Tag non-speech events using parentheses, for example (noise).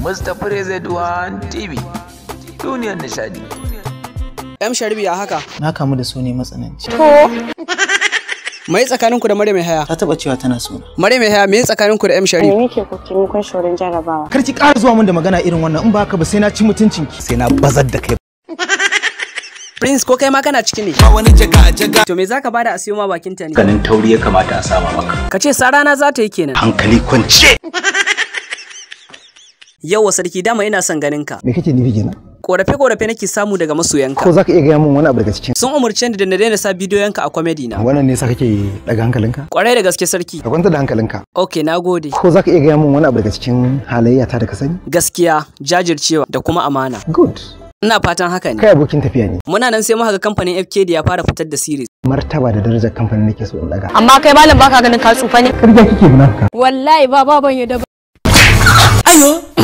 Mustapha Rezaid One TV duniyar nishadi. M Sharbi ya haka. Na kamu da su ne matsananci. To. (laughs) Mai tsakaninku da Maryam Yahaya. Ta taba cewa tana so. Maryam Yahaya me tsakaninku da M Sharif? Me yake ku kimi kun shorin jarabawa? Kar ki ƙara zuwa mun da magana irin wannan in ba haka ba sai na ci mutuncin ki. Sai na bazar da kai. Prince ko kai ma kana ciki ne. wani jaga jaga. To me zaka bada a siyo ma bakin ta ne? Kanin tauri ya kamata a sama maka. Ka ce sarana za ta yi kenan. Hankali kwance. Yawwa sarki dama ina son ganin ka. Me kake nufi kenan? Korafe-korafe nake samu daga masoyanka. Ko zaka iya gaya min wani abu daga cikin? Sun umurce ni da na daina sa bidiyoyinka a comedy na. Wannan ne sa kake daga hankalinka? Kwarai da gaske sarki. Ka kwanta da hankalinka. Okay, nagode. Ko zaka iya gaya min wani abu daga cikin halayyata da ka sani? Gaskiya, jajircewa da kuma amana. Good. Ina fatan haka ne. Kai abokin tafiya ne. Muna nan sai muka ga kamfanin FKD ya fara fitar da series. martaba da darajar kamfanin nake so in daga. Amma kai malam baka ganin ka tsufa ne? Kirga kike munafika. Wallahi ba baban ya da. Ayo.